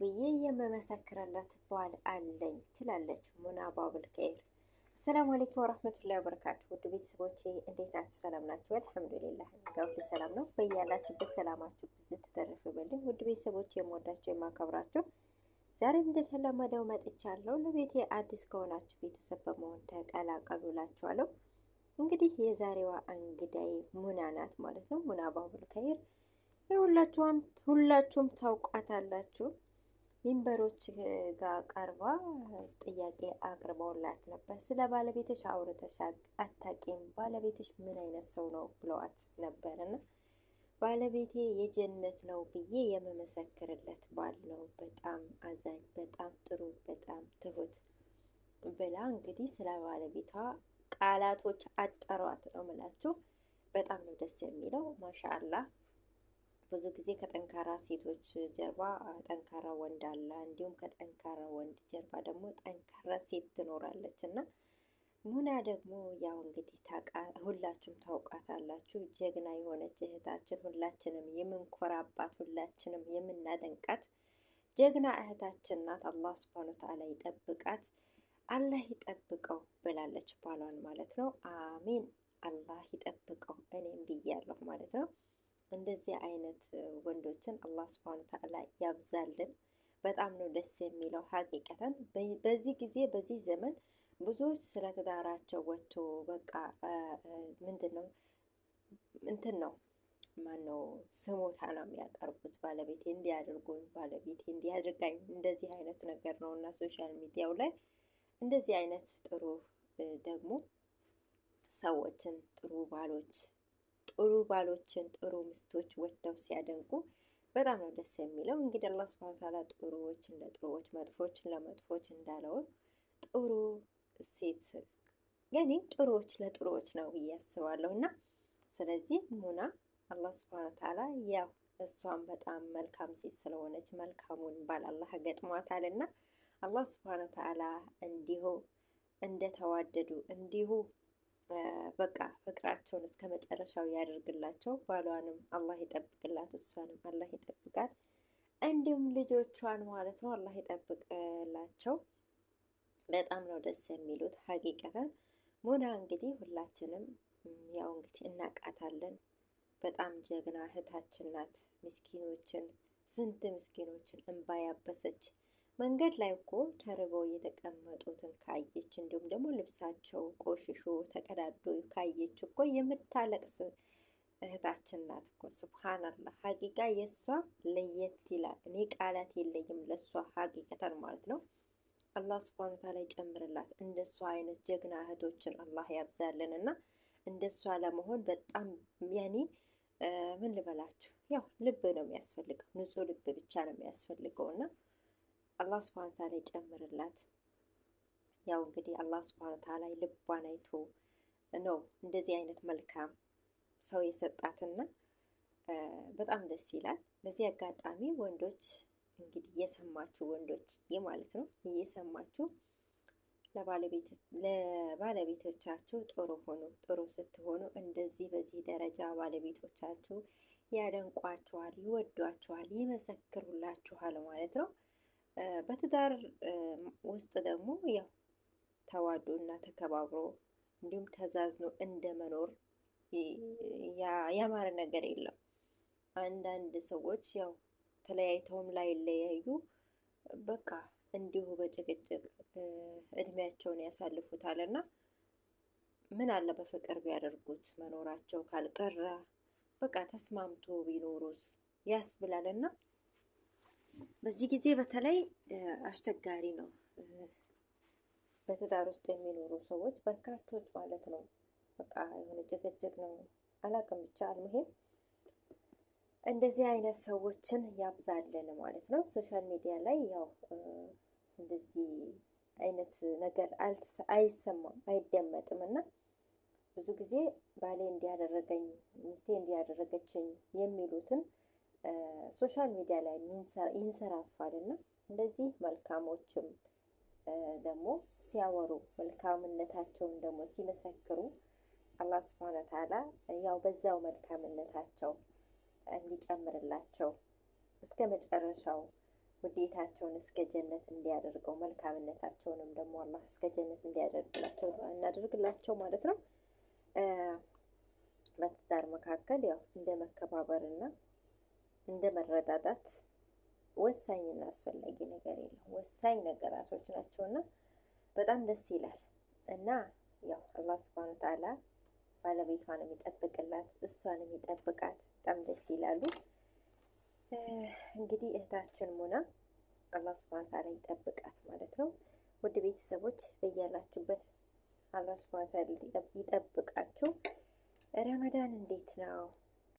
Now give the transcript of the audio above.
ብዬ የምመሰክርለት ባል አለኝ ትላለች ሙና ሙናባ ቀይር። አሰላሙ አለይኩም ወረህመቱላሂ ወበረካቱ ውድ ቤተሰቦቼ እንዴት ናችሁ? ሰላም ናችሁ? አልሐምዱሊላህ ጋውድ ሰላም ነው። በያላችሁበት ሰላማችሁ ብዙ ተተረፍ ይበልኝ። ውድ ቤተሰቦቼ የምወዳችሁ የማከብራችሁ ዛሬም እንደተለመደው መጥቻለሁ። ለቤት አዲስ ከሆናችሁ ቤተሰብ በመሆን ተቀላቀሉላችኋለሁ። እንግዲህ የዛሬዋ እንግዳይ ሙና ናት ማለት ነው። ሙና ባቡል ሁላችሁም ሁላችሁም ታውቋታላችሁ። ሚንበሮች ጋር ቀርባ ጥያቄ አቅርበውላት ነበር። ስለ ባለቤትሽ አውርተሻል አታቂም፣ ባለቤትሽ ምን አይነት ሰው ነው ብለዋት ነበርና ባለቤቴ የጀነት ነው ብዬ የምመሰክርለት ባል ነው፣ በጣም አዛኝ፣ በጣም ጥሩ፣ በጣም ትሁት ብላ እንግዲህ ስለ ባለቤቷ ቃላቶች አጠሯት ነው ምላችሁ። በጣም ነው ደስ የሚለው ማሻአላህ። ብዙ ጊዜ ከጠንካራ ሴቶች ጀርባ ጠንካራ ወንድ አለ። እንዲሁም ከጠንካራ ወንድ ጀርባ ደግሞ ጠንካራ ሴት ትኖራለች እና ሙና ደግሞ ያው እንግዲህ ሁላችሁም ታውቃታላችሁ። ጀግና የሆነች እህታችን፣ ሁላችንም የምንኮራባት፣ ሁላችንም የምናደንቃት ጀግና እህታችን ናት። አላህ ስብሃነ ወተዓላ ይጠብቃት፣ አላህ ይጠብቀው ብላለች ባሏን ማለት ነው። አሚን አላህ ይጠብቀው እኔም ብያለሁ ማለት ነው። እንደዚህ አይነት ወንዶችን አላህ ስብሃነ ተዓላ ያብዛልን። በጣም ነው ደስ የሚለው ሀቂቀተን። በዚህ ጊዜ በዚህ ዘመን ብዙዎች ስለ ትዳራቸው ወጥቶ በቃ ምንድን ነው እንትን ነው ማነው ስሞታ ነው የሚያቀርቡት። ባለቤቴ እንዲያደርጉኝ፣ ባለቤቴ እንዲያደርጋኝ እንደዚህ አይነት ነገር ነው እና ሶሻል ሚዲያው ላይ እንደዚህ አይነት ጥሩ ደግሞ ሰዎችን ጥሩ ባሎች ጥሩ ባሎችን ጥሩ ሚስቶች ወጥተው ሲያደንቁ በጣም ነው ደስ የሚለው። እንግዲህ አላህ ሱብሃነሁ ወተዓላ ጥሩዎችን ለጥሩዎች፣ መጥፎችን ለመጥፎች እንዳለው ጥሩ ሴት ያኔ ጥሩዎች ለጥሩዎች ነው ብዬ አስባለሁ። እና ስለዚህ ሙና አላህ ሱብሃነሁ ወተዓላ ያው እሷን በጣም መልካም ሴት ስለሆነች መልካሙን ባል አላህ ገጥሟታል እና አላህ ሱብሃነሁ ወተዓላ እንዲሁ እንደተዋደዱ እንዲሁ በቃ ፍቅራቸውን እስከ መጨረሻው ያደርግላቸው። ባሏንም አላህ ይጠብቅላት፣ እሷንም አላህ ይጠብቃት፣ እንዲሁም ልጆቿን ማለት ነው አላህ ይጠብቅላቸው። በጣም ነው ደስ የሚሉት ሀቂቀተን። ሙና እንግዲህ ሁላችንም ያው እንግዲህ እናቃታለን። በጣም ጀግና እህታችን ናት። ምስኪኖችን ስንት ምስኪኖችን እንባ ያበሰች መንገድ ላይ እኮ ተርበው የተቀመጡትን ካየች እንዲሁም ደግሞ ልብሳቸው ቆሽሾ ተቀዳዶ ካየች እኮ የምታለቅስ እህታችን ናት እኮ ሱብሃናላህ። ሀቂቃ የእሷ ለየት ይላል። እኔ ቃላት የለኝም ለእሷ ሀቂቀተን ማለት ነው። አላህ ስብሃነ ወተዓላ ይጨምርላት። እንደ እሷ አይነት ጀግና እህቶችን አላህ ያብዛልን እና እንደ እሷ ለመሆን በጣም ያኔ ምን ልበላችሁ፣ ያው ልብ ነው የሚያስፈልገው። ንጹህ ልብ ብቻ ነው የሚያስፈልገው እና አላህ ስብሃነ ተዓላ ይጨምርላት። ያው እንግዲህ አላህ ስብሃነ ተዓላ ልቧን አይቶ ነው እንደዚህ አይነት መልካም ሰው የሰጣትና በጣም ደስ ይላል። በዚህ አጋጣሚ ወንዶች እንግዲህ የሰማችሁ ወንዶች ይህ ማለት ነው እየሰማችሁ ለባለቤቶቻችሁ ጥሩ ሆኑ። ጥሩ ስትሆኑ እንደዚህ በዚህ ደረጃ ባለቤቶቻችሁ ያደንቋችኋል፣ ይወዷችኋል፣ ይመሰክሩላችኋል ማለት ነው። በትዳር ውስጥ ደግሞ ያው ተዋዶ እና ተከባብሮ እንዲሁም ተዛዝኖ እንደ መኖር ያማረ ነገር የለም። አንዳንድ ሰዎች ያው ተለያይተውም ላይለያዩ በቃ እንዲሁ በጭቅጭቅ እድሜያቸውን ያሳልፉታል እና ምን አለ በፍቅር ቢያደርጉት መኖራቸው ካልቀረ በቃ ተስማምቶ ቢኖሩስ ብላል እና በዚህ ጊዜ በተለይ አስቸጋሪ ነው። በትዳር ውስጥ የሚኖሩ ሰዎች በርካቶች ማለት ነው። በቃ የሆነ ጭቅጭቅ ነው አላቅም ብቻ አልሙሄም እንደዚህ አይነት ሰዎችን ያብዛለን ማለት ነው። ሶሻል ሚዲያ ላይ ያው እንደዚህ አይነት ነገር አይሰማም አይደመጥም እና ብዙ ጊዜ ባሌ እንዲያደረገኝ ሚስቴ እንዲያደረገችኝ የሚሉትን ሶሻል ሚዲያ ላይ ይንሰራፋል እና እንደዚህ መልካሞችም ደግሞ ሲያወሩ መልካምነታቸውን ደግሞ ሲመሰክሩ አላህ ስብሃነ ተዓላ ያው በዛው መልካምነታቸው እንዲጨምርላቸው እስከ መጨረሻው ውዴታቸውን እስከ ጀነት እንዲያደርገው መልካምነታቸውንም ደግሞ አላህ እስከ ጀነት እንዲያደርግላቸው እናደርግላቸው ማለት ነው። በትዳር መካከል ያው እንደ መከባበርና እንደ መረዳዳት ወሳኝና አስፈላጊ ነገር የለም። ወሳኝ ነገራቶች ናቸውና በጣም ደስ ይላል እና ያው አላህ ስብሃነ ተዓላ ባለቤቷን የሚጠብቅላት እሷን የሚጠብቃት በጣም ደስ ይላሉ። እንግዲህ እህታችን ሙና አላህ ስብሃነ ተዓላ ይጠብቃት ማለት ነው። ውድ ቤተሰቦች በያላችሁበት አላህ ስብሃነ ተዓላ ይጠብቃችሁ። ረመዳን እንዴት ነው?